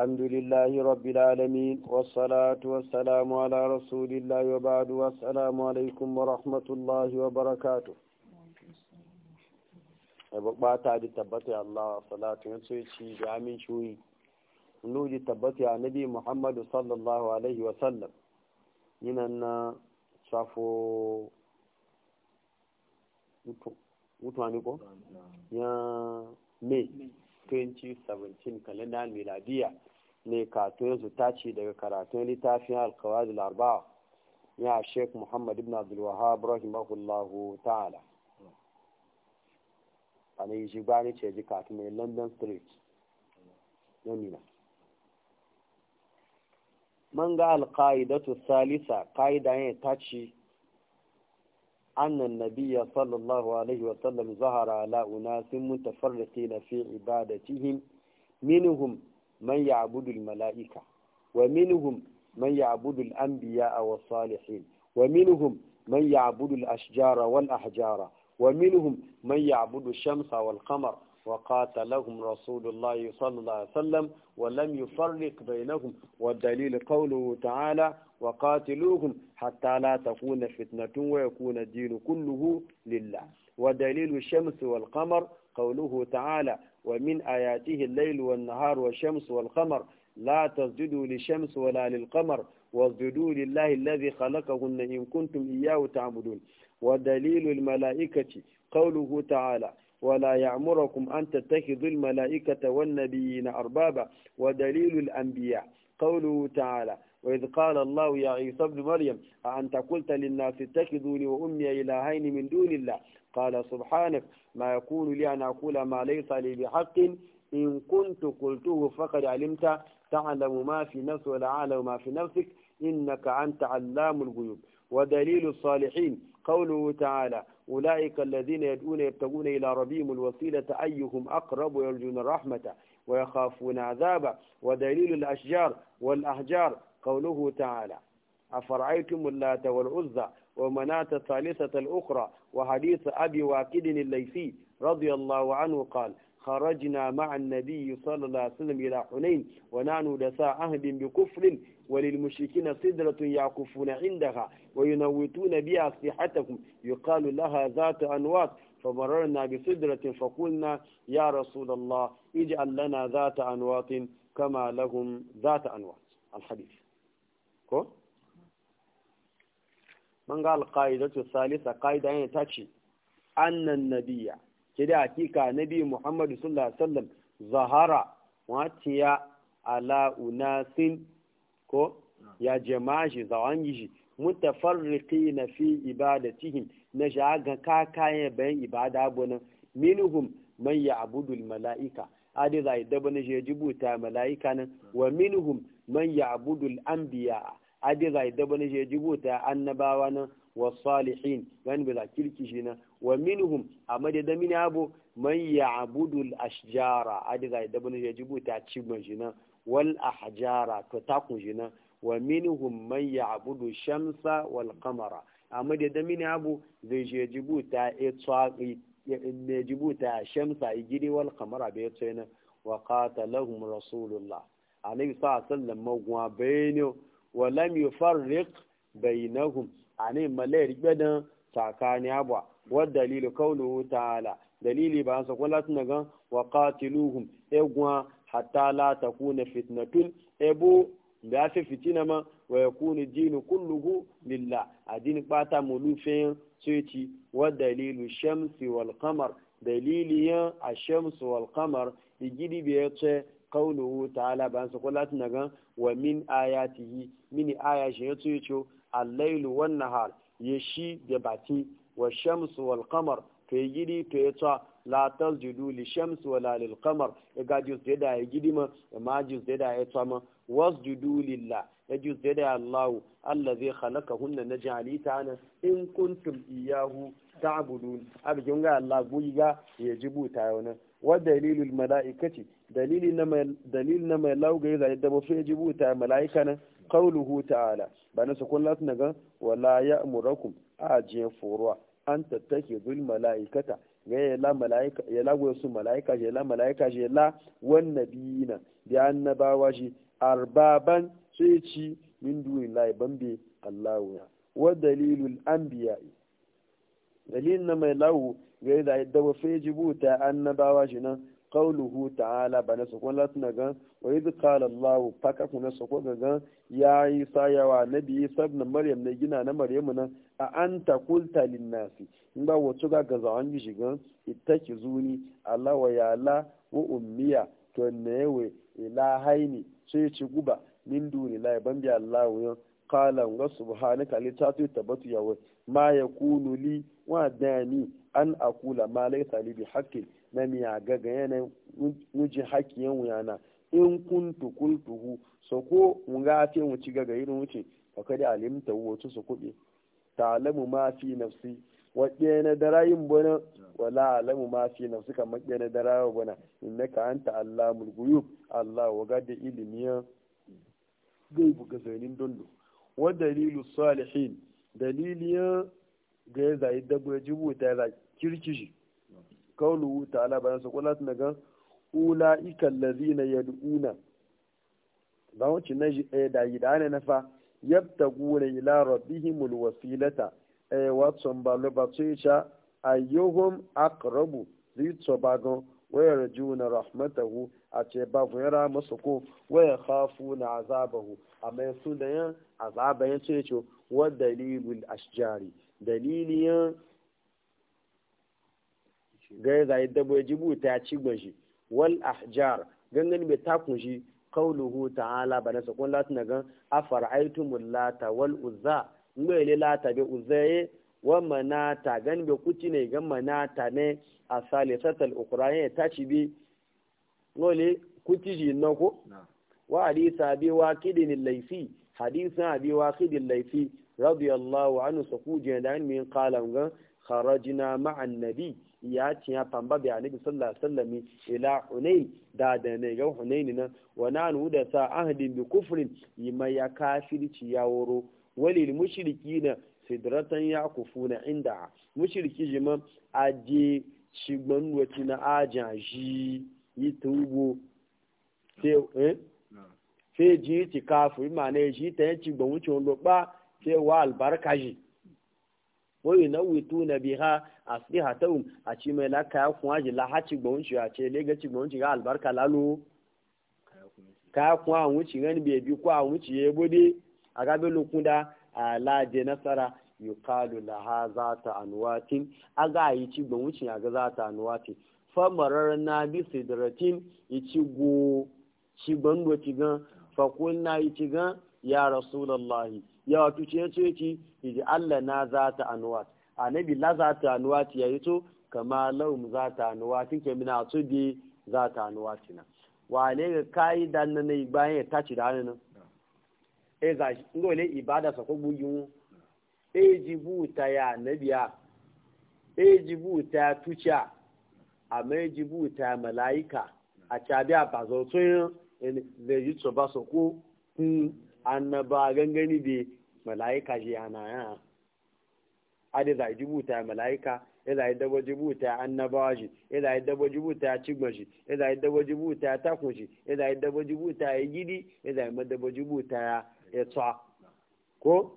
الحمد لله رب العالمين والصلاة والسلام على رسول الله وبعد والسلام عليكم ورحمة الله وبركاته ba ta ji tabbata Allah salatu ya ce ci da amin shuyi nu ji tabbata ya nabi sallallahu alaihi wa sallam na safo ko ya may 2017 miladiya ne katon su tace daga karatun littafin da arba'a ya sheik muhammad ibn abdulwahab rahimahullahu ta'ala a na yi shi bani ce ji katon mai london street yamina man ga alka'idatu salisa ka'ida yin tace أن النبي صلى الله عليه وسلم ظهر على أناس متفرقين في عبادتهم منهم من يعبد الملائكة ومنهم من يعبد الأنبياء والصالحين ومنهم من يعبد الأشجار والأحجار ومنهم من يعبد الشمس والقمر وقاتلهم رسول الله صلى الله عليه وسلم ولم يفرق بينهم والدليل قوله تعالى وقاتلوهم حتى لا تكون فتنة ويكون الدين كله لله ودليل الشمس والقمر قوله تعالى ومن آياته الليل والنهار والشمس والقمر لا تسجدوا للشمس ولا للقمر واسجدوا لله الذي خلقهن إن كنتم إياه تعبدون ودليل الملائكة قوله تعالى ولا يعمركم أن تتخذوا الملائكة والنبيين أربابا ودليل الأنبياء قوله تعالى وإذ قال الله يا عيسى ابن مريم أأنت قلت للناس اتخذوني وأمي إلهين من دون الله قال سبحانك ما يكون لي أن أقول ما ليس لي بحق إن كنت قلته فقد علمت تعلم ما في نفسي ولا أعلم ما في نفسك إنك أنت علام الغيوب ودليل الصالحين قوله تعالى أولئك الذين يدعون يبتغون إلى ربهم الوسيلة أيهم أقرب ويرجون الرحمة ويخافون عذابه ودليل الأشجار والأحجار قوله تعالى أفرأيتم اللات والعزى ومناة الثالثة الأخرى وحديث أبي واكد الليثي رضي الله عنه قال خرجنا مع النبي صلى الله عليه وسلم إلى حنين ونحن لسا أهد بكفر وللمشركين صدرة يعكفون عندها وينوتون بها صحتكم يقال لها ذات أنواط فمررنا بصدرة فقلنا يا رسول الله اجعل لنا ذات أنواط كما لهم ذات أنواط الحديث ko man ga salisa ƙa'ida ne ta ce annan nabiya ke da hakika nabi muhammadu sallallahu alaihi wasallam zahara watiya ala unasin ko ya jama'a shi zawangi shi mutafarriqi na fi ibadatihim na shaga ka kayan bayan ibada bana minhum man ya'budu al-mala'ika adi zai da bana je jibuta mala'ika wa minhum man ya'budu al ade za da bane ji jibuta annabawa nan wa salihin gani ba za kirki shi nan wa minhum a da mini abu man ya abudu al'ashjara ade za da bane je jibuta cibin shi nan wal ahjara to takun shi nan wa minhum man abudu shamsa wal kamara a da mini abu zai ji jibuta ya tsaki jibuta shamsa igiri wal kamara bai tsaye nan wa qatalahum rasulullah alayhi sallallahu alaihi wasallam magwa bayani walam yufarriq bainahum ane malayar gbadan tsakani abwa wadda dalilu kaunu ta'ala dalili ba sa kula tun daga wa qatiluhum egwa hatta la takuna fitnatun ebu da fi fitina ma wa yakunu dinu kulluhu lillah adin bata mulufin sai wa dalilu shamsi wal qamar ya ashamsu wal qamar igidi biye ce kaunu ta'ala ba sa kula tun daga wa min ayatihi min aya shi ya tsoye ce allailu wan nahar ya shi da bati wa shamsu wal qamar to ya gidi to ya tsa la tasjudu li shamsi wa la lil qamar ya ga jus da ya gidi ma ya ma jus da ya tsa ma wasjudu lillah ya jus da Allah allazi khalaqahunna naj'ali ta'ana in kuntum iyyahu ta'budun abin ga Allah guyi ga ya jibuta yau wa dalilul mala'ikati dalilin na mai dalilin na mai laugaye zai da mafi yajibu ta mala'ika nan qauluhu ta'ala ba na sukun lati naga wala ya'murakum ajiyan furuwa an tattake zul mala'ikata ga la mala'ika ya goyo su mala'ika la mala'ika la wan nabiyina bi annabawa shi arbaban sai ci min lai bambe Allahu wa dalilul anbiya'i dalilin na mai lawo gari da yadda wa ji buta annabawa shi nan qauluhu ta'ala bana su kun latuna gan wa idh zuka lallahu faka kuna sakon kun ya yi sayawa na isa sabna maryam na gina na maryam na a anta takulta lin nasi in ba wato ga ga zawan shi gan ki zuni allah wa ya la wa ummiya to ila ilahaini sai ci guba min duni la ban bi allah wa qala wa subhanaka li tatu tabatu yawa ma yakunu li wa dani an akula ma laisa li bi haqqin na mi ga ga yana wuji haqqin wuyana in kuntu kultuhu so ko nga ce mu ci gaga irin wuce fa kada alimta wato su kuɓe ta'lamu ma fi nafsi wa na darayin bana wala alamu ma fi nafsi kan maƙe na darayin bana innaka anta allamul ghuyub allah wa gadi gaibu gazanin dondo wa dalilu salihin daliliyan ga ya zayi dabo ya ji wuta ya zaki kirkishi kawulu wuta ala ba su kula su gan ula ikan lazina ya ba wacce na ji ɗaya eh, da gida ne na fa yabta gure ila rabbihimul wasilata ɗaya eh, watson ba lobatun isha ayyuhum akrabu zai wayar juna rahmatahu a ce ba yara masu ko waya khafu na azabahu a mai su da yan azaba ya ce ce wa dalilul ashjari daliliyan gaya zai dabo jibu ta ci gbashi wal ahjar gangan mai takun shi kauluhu ta'ala ba na sakon latin na gan afar aitumun lata wal uzza ngbe le lata be uzzaye wa manata gan be kuci ne gan manata ne a salisatal ukrayin ta ci bi ngole kuci ji na ko wa hadisa bi wa kidin laifi hadisa bi wa kidin laifi radiyallahu anhu sa ku je da min qala ngan kharajna ma'a annabi ya ci ya pamba bi annabi sallallahu alaihi wasallam ila hunay da da ne ga hunayn na wa nanu da sa ahdin bi kufrin yima ya kafirci ya woro walil mushrikina sidratan yakufuna inda mushriki jima aje shigban wati na ajaji yi tubo sai eh sai ji ti kafu ma ne ji ta yi shigban wucin lokpa cewa albarka shi na nau'itu na ha a sihatun a ci mai kaya kuma ji lahaci gbawunci a ce legaci gbawunci ga albarka lalo kaya kuma a wuce gani bai bi ko a wuce ya bude a gabe lokunda a laje nasara la laha za ta anuwatin a ga yi ci gbawunci a ga za ta anuwatin famarar na bi sidratin yi ci go ci gbando ci gan fakul na yi ci gan ya lallahi. ya wato ce ce ki iji Allah na za ta anuwat annabi la za ta anuwat ya yito kama laum za ta anuwat ke mina su bi za ta anuwat na ne ga kai dan nan bayan ya tace da hannun e za ngo le ibada sa ko bugin e ta ya nabiya e jibuta a amma e ta malaika a cabi a bazo tsoyin e zai yi tsoba soko kun annaba gangani bai mala'ika shi ana ya adi za a buta ya mala'ika ya yi dabo jibuta ya annabawa shi ya yi dabo jibuta ya cigba shi ya yi dabo ji buta takun shi ya za a yi dabo buta ya gidi ya yi madabo ji buta ya tsa ko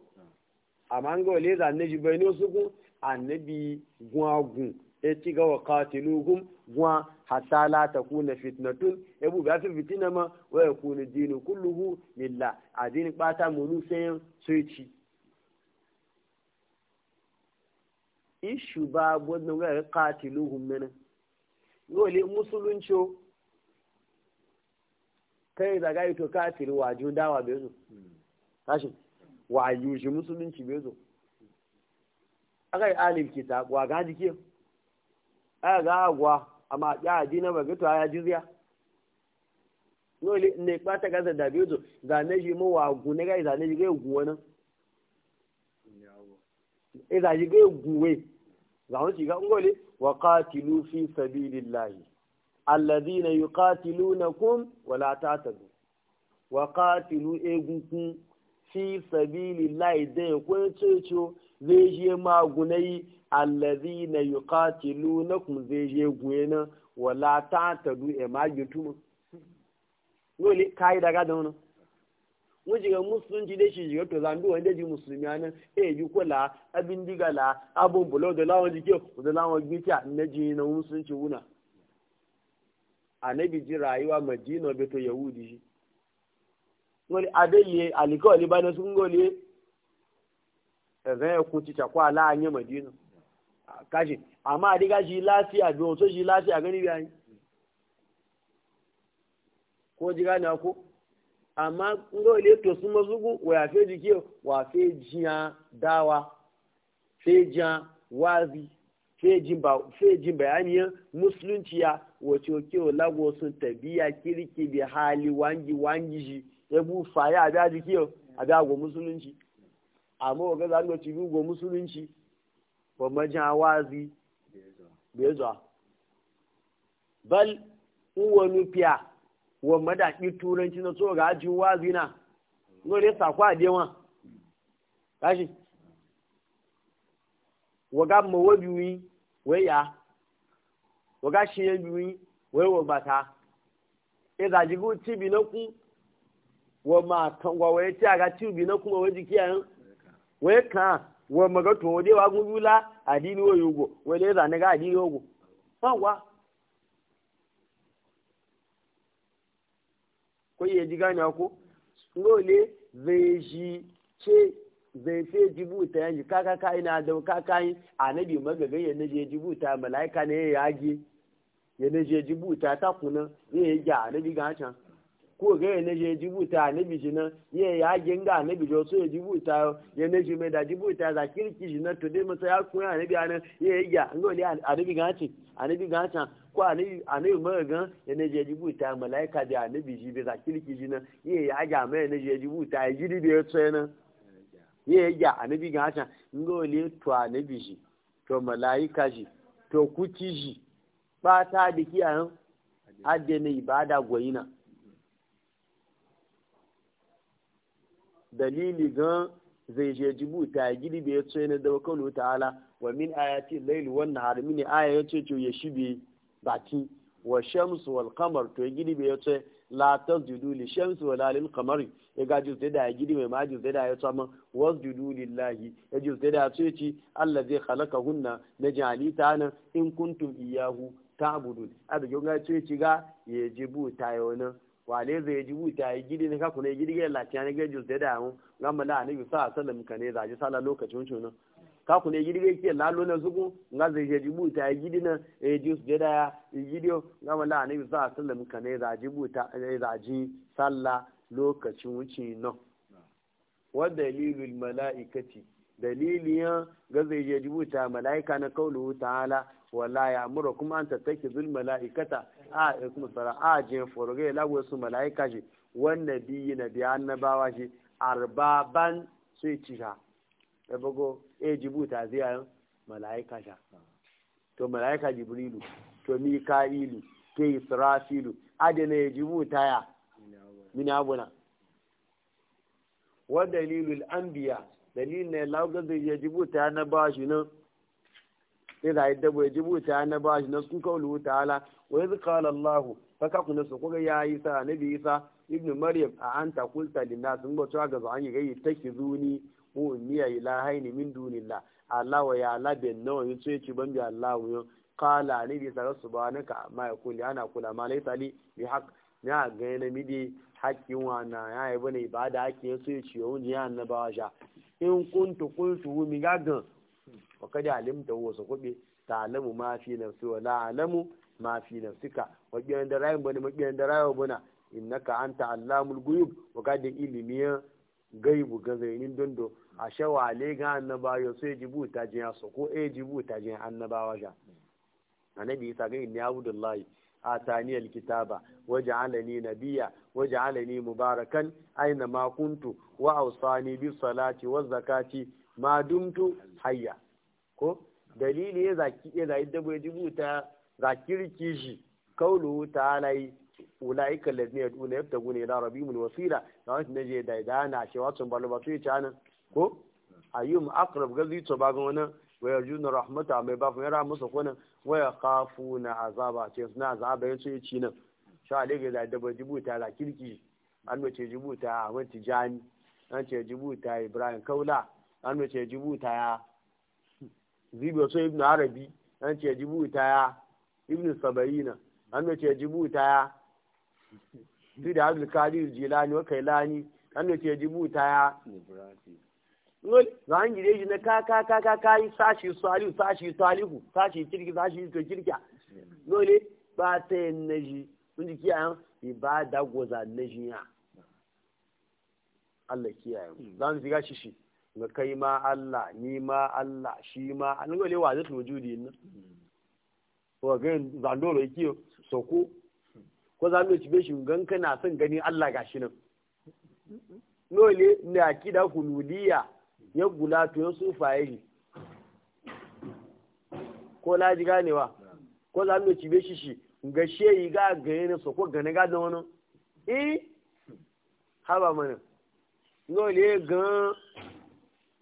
amma an ga wale za a naji bai ne su kun annabi gun agun ya e ci ga wa katiluhum wa hatta la takuna fitnatun e bu ga fitina ma wa yakunu dinu kulluhu lillah adini bata mulu sai sai ci ishu ba wannan ga katiluhum nan dole musulunci kai da gai to wa ju dawa bezo tashi wa shi musulunci bezo akai alil kitab wa gaji jike Aya ga agwa amma ya adina ba gato ya jizya nole ne ba ta gaza da biyo ga ne shi mu wa gu ne ga za ne ga gu wannan e za ji ga gu we za mu ci ga ngole wa qatilu fi sabilillahi alladhina yuqatilunakum wa la ta'tadu wa qatilu egunku fi sabilillahi da ko ce ce zai je magunayi allazi na yi katilu na kun zai je guyena wala ta ta du e ma gituma dole kai daga da wannan mun jiga musulunci da shi jiga to zandu wanda ji musulmi anan e ji kula abin diga la abun bulo da lawon jike da lawon na ji na musulunci wuna anabi ji rayuwa madina beto yahudi shi wani adeliye sun madina kashi amma a diga shi lafiya bi wato shi lafiya gani biya yi ko ji gane ko amma in ga wale to sun masu ku wa ya feji ke wa fejiya dawa fejiya wazi fejin bayaniyar musulunci ya wace kewa lago sun tabiya kirki bi hali wangi wangi shi ya bu faya a biya jikiyar a biya go musulunci amma wa ga zanuwa ci go musulunci wa majawazi bai zuwa bal uwa nufiya wa madaƙi turanci na so ga wazi na nore sakwa e a dewa kashi waga mawa biyu wai ya waga shiyan biyu wai wa bata e zaji ku na ma ti na wa maga to de wa gudula adini wo yugo wa le za ne ga adini yugo wa ko ye ji gane ko ngole zai ji ce zai fe jibuta yanzu kaka kai na da kaka yi annabi magaga ya naje jibuta malaika ne ya yage ya naje jibuta ta kuna zai yi ga annabi ga can ko ga yana je jibuta annabi shi ye ya ginga annabi jo so jibuta ya ne ji mai da jibuta za kirki shi nan to dai masa ya ku annabi anan ye ya ngoli annabi ga ci annabi ga ta ko annabi annabi ma ga ya ne je jibuta malaika da annabi shi be za kirki shi nan ye ya ga mai ne je jibuta ya jidi be so yana ye ya annabi ga ta ngoli to annabi shi to malaika shi to kuci shi ba ta diki anan adde ne ibada goyina dalili gan zai je jibu ta gidi bai yace na da kanu ta'ala wa min ayati laili wannan harmi ne aya yace to ya shibe baki wa shamsu wal qamar to gidi bai yace la tasjudu li shamsi wala lil qamari ya ga juzde da ya gidi mai maji juzde da ya tsama wasjudu lillahi ya juzde da ce ci Allah zai halaka hunna na jali ta nan in kuntum iyahu ta'budun abin ga ce ci ga ta yau nan wale zai ji wuta ya gidi ne kakuna ya gidi ya latiya ne ga jus da yawon gama da ne bi sa sallam ka ne zaji sala lokacin cuno kakuna ya gidi ya ke lalo na zugu nga zai ji wuta ya gidi na e, ji su da ya gidi gama da ne bi sa sallam ka ne zaji wuta zaji sala lokacin wuci no wa dalilul malaikati daliliyan ga zai ji wuta malaika na kaulu ta'ala wala ya mura kuma an tattaki zul mala'ikata a kuma sara a je foroge lagos wasu mala'ika ji wannan biyi na biya annabawa ji arbaban su yi cika ya bago e ta ziyayen mala'ika sha to mala'ika jibrilu to mika'ilu to israfilu adana ya ta ya min abuna wa dalilul anbiya dalilin ne lagos da ya ta ya na ba shi nan lila yadda bai ji buta na na shi na su kawul wutala wai zuka lallahu ta su kuka ya yi sa na bi isa ibn maryam a an ta kulta lina sun ba cewa ga zuwa yi ta ki zuni ko niya ilahai ni min dunilla allah wa ya labe nawa yi ce ban bi allah wuyo kala ni bi sarar su ba na ka ma ya kuli ana kula ma lai tali bi hak na midi wa na ya yi bane da ake yin su ya ciye wani ya na basha sha in kuntu kuntu wumi gagan wa kada alimta wasu kuɓe ta alamu ma fi nafsi wa la alamu ma fi nafsika da rayu bane mabiyan da rayin bana innaka anta allamul guyub wa kada ilimiyan gaibu ga zainin dondo a shawa le ga annaba yo sai jibu ta jiya su ko e jibu ta jiya annabawa ja annabi isa ga inni abdullahi atani alkitaba waj'alani nabiyya alani mubarakan aina makuntu kuntu wa awsani bis salati zakati ma hayya ko dalili ya zaki ya zai dabo ya zaki riki shi kaulu ta yi ulaika allazina yad'una yabtaguna ila rabbihim alwasila na wani naje da idana shi ba balbatu ya cana ko ayyum aqrab gazi to ba ga wannan waya juna rahmata mai ba fa yara musu kuna wa yakhafuna azaba ce suna azaba yace ya ci nan sha alege da dabo jibuta zakirki an wace jibuta a wanti jami an ce jibuta ibrahim kaula an wace jibuta ya zibo so ibn arabi an ce ta ya ibn sabayina an ce ta ya duk da abu kadir jilani wakai lani an ce ta ya za an gire shi na ka ka ka ka ka yi sashi salihu sashi salihu sashi kirki sashi to kirkiya dole ba ta yin na shi kun ji kiyaye ibada goza na shi ya Allah kiyaye za mu shiga shi shi ga kai ma Allah ni ma Allah shi ma an gole wa zai wujudi ne ko ga zando ro kiyo soko ko za mu ci be shi gan kana son gani Allah gashi nan nole ne akida huludiya ya gula to ya sufaye ne ko laji ganewa ko za mu ci be shi shi ga sheyi ga gane ne soko gane ga da wani eh haba mana nole gan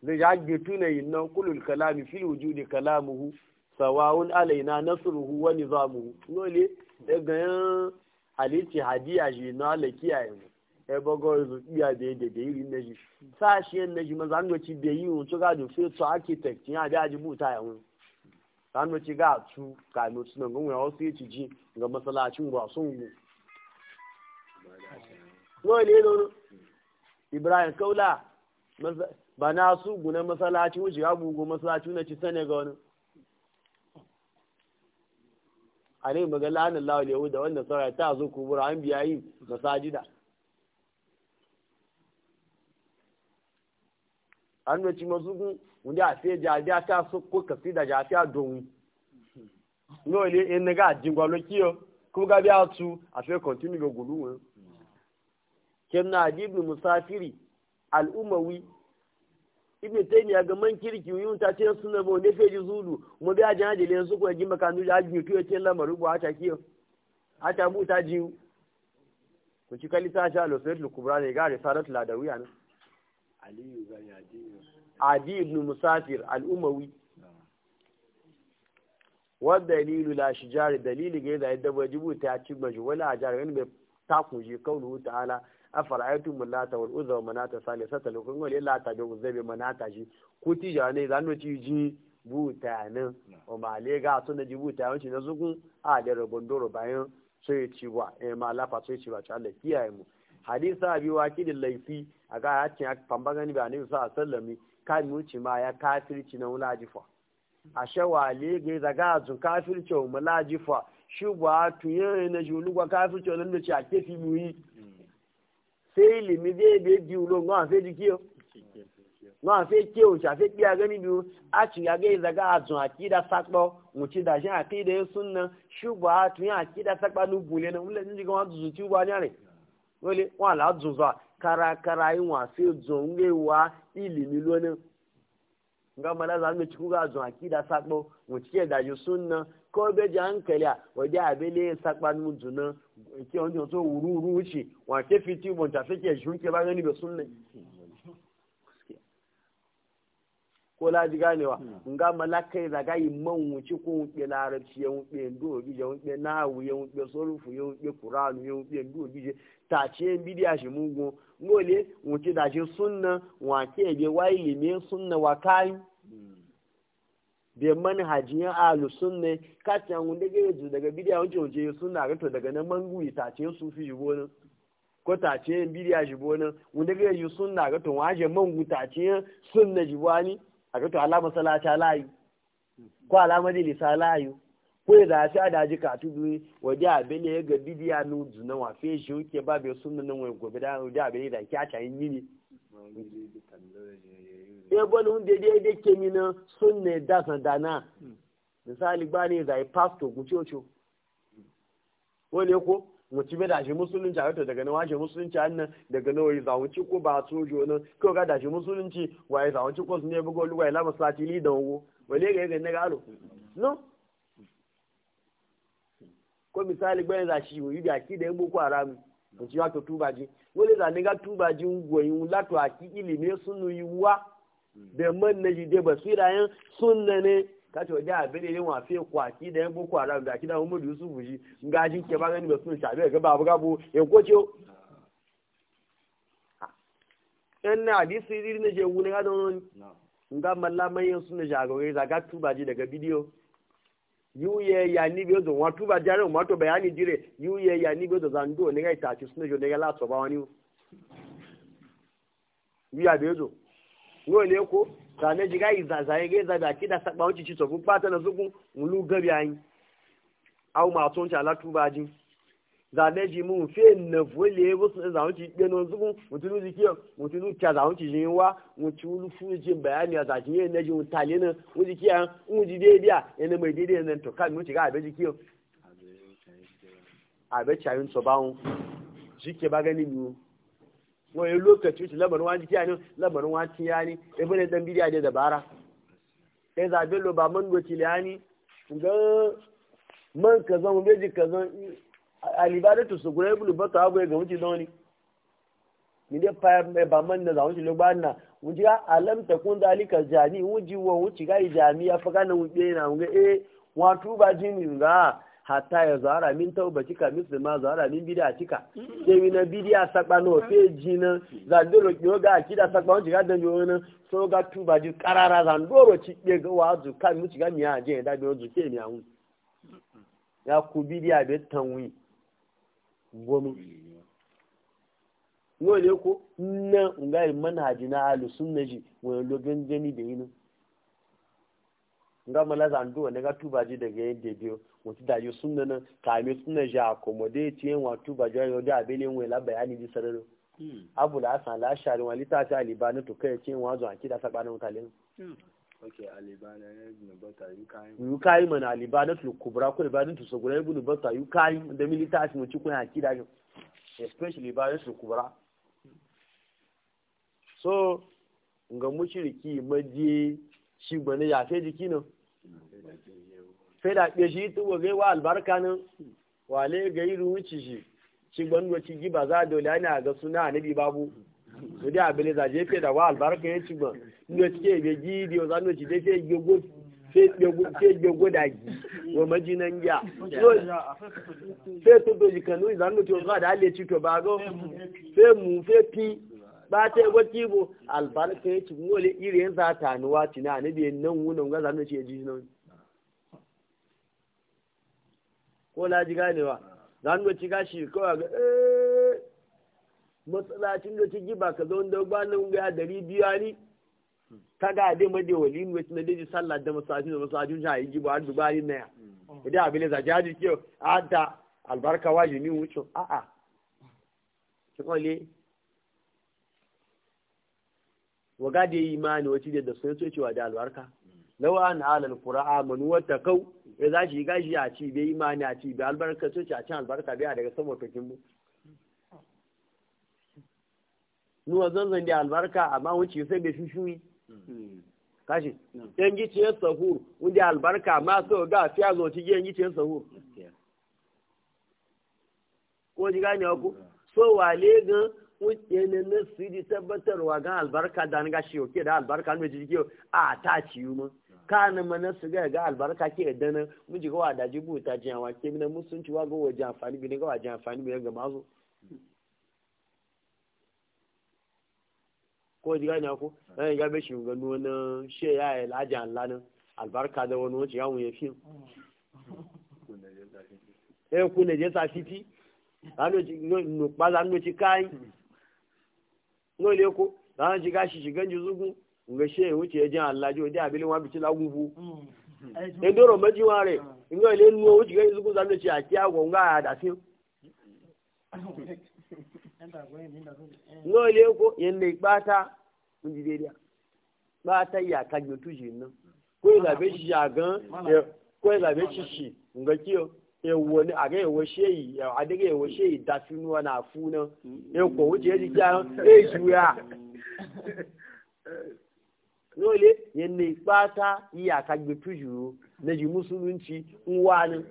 zai ya gitu na yin nan kulul kalami fil wujudi kalamuhu sawawun alaina nasruhu wa nizamuhu le daga yan halitti hadiya ji na lakiya yanzu e bago zo iya da da da irin na ji? sa shi yan na ji maza an doci da yi wun ga da fe to architect ya da ji buta ya mu? an doci ga tu ka no suna gunwa wasu ya ci ji ga masalacin gwasun gu nole no ibrahim kaula ba na su gunan masalaci wuce ya bugu masalaci na ci sane ga wani alayhi magana an Allah da Yahuda wanda saura ta zo kubura an biya yi masajida an mace masu gun wanda a sai jajiya ta so ko kasi da jafiya domin yau ne in na ga jingwalo kiyo kuma ga biya su a sai continue ga gulu wani kim ajibin musafiri al'umawi ibn taymiya ga man kirki yun ta ce sunna bo ne feji zulu mu bi ajin ajile su ko gima kanu da ajin to ce la marubu ata kiyo ata ta jiu ku ci kali ta sha lofetul kubra ne ga risalat la da wiya aliyu ga ji adi ibn musafir al-umawi wa dalilu la shijar dalili ga da dabba jibuta ta ci maji wala ajar ganin bai takuje kaulu ta'ala afaraitu mulata wal uzza wa manata salisata lokun wal lata da uzza be manata shi ku ti ja ne zanu ci ji butanin o male ga sun da ji buta shi na zugun a da rabondoro bayan sai ci wa e ma fa sai ci wa ta Allah kiyaye mu hadisa bi wakilin laifi a ga hakin ya famba gani ba ne sa sallami kan mu ci ma ya kafirci na wulajifa a shawale ga zaga azun kafirci wa fa shi ba tuyen na julugwa kafirci wa nan da ci a kefi mu yi sai ilimi zai bai biyu lo ngon sai ji kiyo ngon sai kiyo cha sai biya gani biyu a ci ga gai zaga azun akida sakpo mu ci da shin akida yin sunna shugba tun ya akida sakpa nu bule na mun ji ga wazu zuci ba ne ne wole wa la azun za kara kara yin wa sai zonge wa ilimi lo ne nga mala za mu sakpo ko be ji hankali a waje abele sakpanu juna ke wani wato wuru-wuru wuce wake fiti bonta fake shunke ba gani ba sunne ko laji wa, hmm. nga malakai zaga yi man wuce ko wuce larabci ya wuce ndo obije wuce nawu ya wuce sorufu ya wuce kuranu ya wuce ndo obije tace bidiya shi mugun ngole wuce da shi sunna wake be wa ilimi sunna wa kai. bai manhajin ahlu sunne ka kati an wanda ga zu daga bidiya wanke wanke sunna ga to daga nan mangu tace ce fi yi nan ko tace ce bidiya jibo nan wanda ga yi sunna ga to waje mangu ta ce sunna jibani a ga to alama salata layu ko alama dilisa layu ko ya zaci a daji katu duyi waje abin ya ga bidiya nu zunan wa fe shi ke ba bai sunna nan wai gobe da waje abin da kya ta yin yini ya bani wanda daidai ke mina sun ne dasa dana hmm. misali ba ne zai pasto guce ocho wani ko mutum bai dashi musulunci a yato daga nawa shi musulunci an nan daga nawa ya zawunci ba sojo nan kawai ga dashi musulunci wa ya zawunci ko su ne bugo luwa ya lama sati li da wo wale ga yaga na galo no ko misali bayan da ki da yan boko haram mutum ya to tuba wani zane ga tuba jin goyin lato a ki ilimi sunu yi wa. da man na jide basira yan sunna ne ka ce wajen abin ilin wafe kwaki da yan boko haram da kidan umar yusuf shi ga jin ke magani ba sun shafi ga babu gabo ya koce yan na hadisi irin na je wuni ga Nga wani ga mallaman yin suna shagarai zaga tuba ji daga bidiyo yuye ya ni bezo watu ba jare mato bayani dire yuye ya ni bezo zando ne ga itachi sune jo ne ga lato ba wani wiya bezo no ne ko ta ne jiga iza za ga za da kida sakba wuci ci to bu pata na zugun mulu gabi ayin au ma ton cha la tubaji zane ji mun fe na vole wasu zawon ci ɗano zuku mutunu jiki mutunu ta zawon ci jin wa mutunu fu jin bayani a zakin yin naji mun tale na mun jiki an mun ji daidai a yana mai daidai nan to kan mun ci ga abe jiki abe chayin so bawon jike ba gani biyu mo yi lokaci ci labarin wa jiki ne labarin wa ci yani ebe ne dan bidiya da dabara sai e zabe lo ba man goci yani ga man mu beji kazan alibadatu sugura ibulu bata abu ya ga wuce don ni ni dai fa me ba man da zawon lo gbanna wuce ga alam ta kun dalika jani wuji wo wuce ga jami ya faka na wuce na wuce eh wa tuba jini ga hatta ya zara min taubaci ka misli ma zara min a cika sai mi na a sakpa no fe jina zandoro yo ga kida sakpa on jiga dan yo na so ga tuba ji karara zandoro ci be ga wa zu kan mu ci ga mi je da be zu ke mi wu ya ku a be tanwi gomi yau ne ko na ngayi manhaji na alu sunna ji wani logan gani da yinin nga mala zando na ga tuba ji daga yadda biyo wata da yi sunna nan kame sunna ji accommodate yin wa tuba ji yau da abin yin wela bayani ji sararo hmm. abu da asan la shari wani ta ta alibanu to kai ce yin wazo a kida sabanin mutane yu kayi mana alibana tu kubra ko ibana tu sogura ibn bata yu da milita shi mu cikun haki da especially ibana tu kubra so nga mushriki maje shi bane ya fe jiki no fe da ke shi ta ga wa albarka nan wale gairu wuci shi shi gwanwa ci ba za a dole ana ga suna na babu sódì da ìdàjẹ́ pé ìdàwọ́ àlùbáríkà ma ti gbọ̀n nínú etí kéèké jí ìdí ọ̀sán nínú etí kéèké gbogbo gbogbo dàjì wọ́n mọ̀ jí ti tọ̀ba gọ́ fẹ́ mú fẹ́ ba za ta na nan ga ji ko ji matsalacin da ci ba ka zaune da gwanin ga dari biyu ni ta ga dai made wali ne na dai sallah da masajin da masajin ja yi giba har dubai ne ya mm. idan abin da jaji ke adda albarka waje ni wuce a a ki kole waga da imani wace da da so cewa da albarka mm. lawa na alal qur'a man watakau ya zashi gashi a ci bai imani a ci bai albarka so ci a can albarka bai daga samun tokin mu nuwa zanzan da albarka amma wuce sai da shushuyi kashi hmm. Hmm. yan giciyar sahur wanda albarka ma so ga fiya zo ci yan giciyar sahur ko ji gani ku hmm. so wale gan yana na yi tabbatarwa ga albarka da ga shi oke da albarka mai jirgi a ta ci yi mu kana mana su ga ga albarka ke da nan mun ji ga wadaji buta jiyawa ke mina musun ci wa ga wajen amfani bi ne ga wajen amfani bi ga mazo ko ji gane ko eh ga be shi ga nuna she ya ya laji Allah nan albarka da wani wuce yawon ya fi eh ku ne je sa fiti ano ji no pa za no ji kai no le ko ran ji ga shi shigan ji zugu ga she wuce ya jin Allah ji da abilin wa bici lagubu mm. eh doro maji ware mm. ngo le nu wuce ga zugu za no ci a kiya gonga da fi ngo le ko yende bata mun ji dai bata ya ka gbe tuji no ko la be ji agan ko la be ji shi ngo ki o e wo ni aga e wo she yi adege e wo she yi da sinu wa na fu no e ko wo je ji ja e ju ya ngo le yende bata ya ka gbe tuji o ne ji musulunci nwa ni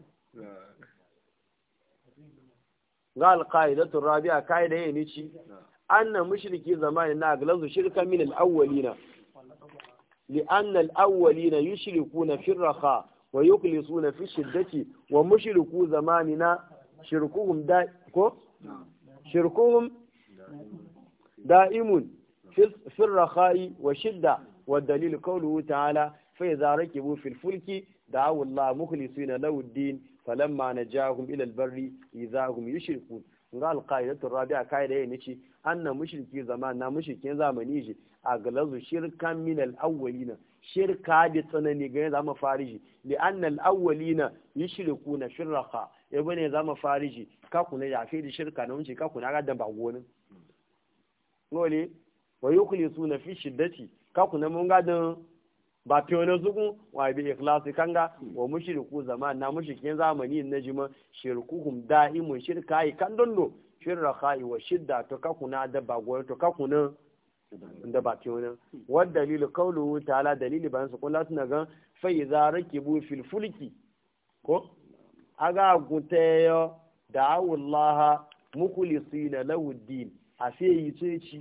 ga alƙa'idatun rabia ka'ida ya ni ci anna mushriki zamani na aglazu shirka min al-awwalina li anna al-awwalina yushrikuna fi raha wa yukhlisuna fi shiddati wa mushriku zamanina shirkuhum da ko shirkuhum da'imun fi raha'i wa shidda wa dalil qawluhu ta'ala fa idza rakibu fil fulki دعوا الله مخلصين له الدين فلما نجاهم إلى البر إذا هم يشركون قال القاعدة الرابعة قاعدة هي نشي أن مشركي زمان نا مشركي زماني جي أغلظ شركا من الأولين شركا دي تنني غير زمان فارجي لأن الأولين يشركون شرقا يبني زمان فارجي كاكونا يعفيد شركا نمشي كاكونا غدا بغونا نولي ويخلصون في شدتي كاكونا من غدا ba fiye zugun wa bi ikhlasi kanga wa mushriku zaman na mushrikin zamani na jima shirkuhum da'imun shirka yi kan dondo shirra khai wa shidda to kakuna da ba goyo to kakuna da ba fiye nan wa dalil qawlu ta'ala dalil ban su kullu suna gan fa iza rakibu fil fulki ko aga gutayo da'u allaha mukhlisina lahu din yi ce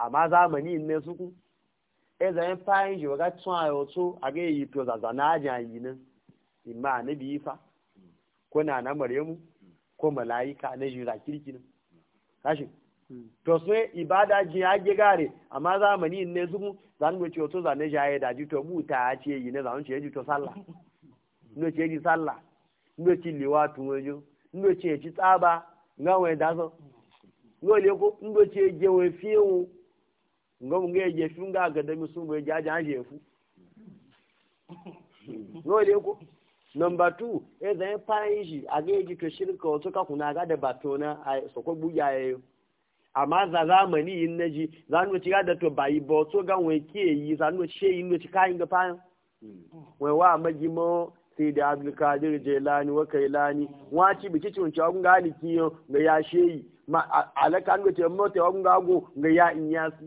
amma zamani ne su ku e zan fayin shi waga tun a yoto a ga yi to zaza na ajiyan yi nan imma na biyi fa ko na na maryamu ko mala'ika na jira kirki nan kashi to so ibada ji ya ge gare amma zamani ne su zan go ce to zan ja ya daji to buta ya ce yi ne zan ce ji to sallah ndo ce ji sallah ndo ci liwa tun wajo ndo ce ci tsaba ngawe da so ndo le ko ndo ce je we fiwo nga mu nga fi nga ga da mi sun bo ja ja e e hmm. je fu no le ko number 2 e da pan ji age ji ka shirka wato ka kuna ga da batona a so ko buya A amma za zamani yin naji zanu ci ga da to bayi bo to ga we ke yi zanu ce yi no ci ka yin pa pan we wa magimo sai da abdulkadir jelani wa lani wa ci biki cin ci ga alikiyo ga ya sheyi alaka an ga ce mota ga go ga ya inyasi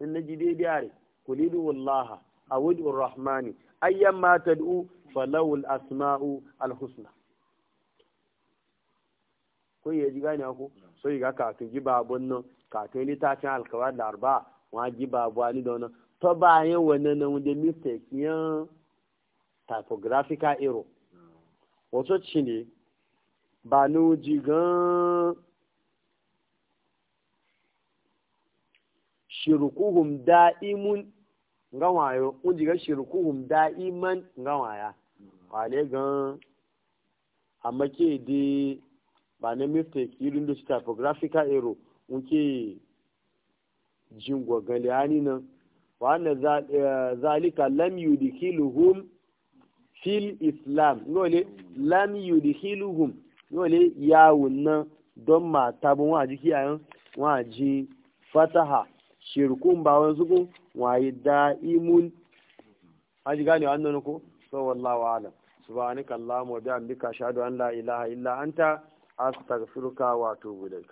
in naji ji daidai are kulidu wallaha a wudu rahmani ayyan ma tad'u falawul asma'u alhusna ko ya ji gane ko so yi ga kakin ji babun nan ta littafin alkawar da arba wa ji babu ani da wannan to bayan wannan nan wanda mistake yan typographical error wato ci ne ba ni gan shirkuhum da'imun ngawayo kun ga shirkuhum da'iman ngawaya wale gan amma ke di ba na mistake irin da typographical error unke jingwa galiani nan wa na eh, zalika lam yudkhiluhum fil islam ngole lam yudkhiluhum ngole yawun nan don mata tabun wa jiki ayan wa ji fataha shirkun ba wani suku waye da'imun an ji gane wannan ko so wallahu alam Su allahumma wa bihamdika ashhadu an la ilaha illa anta ta wa wato ilayk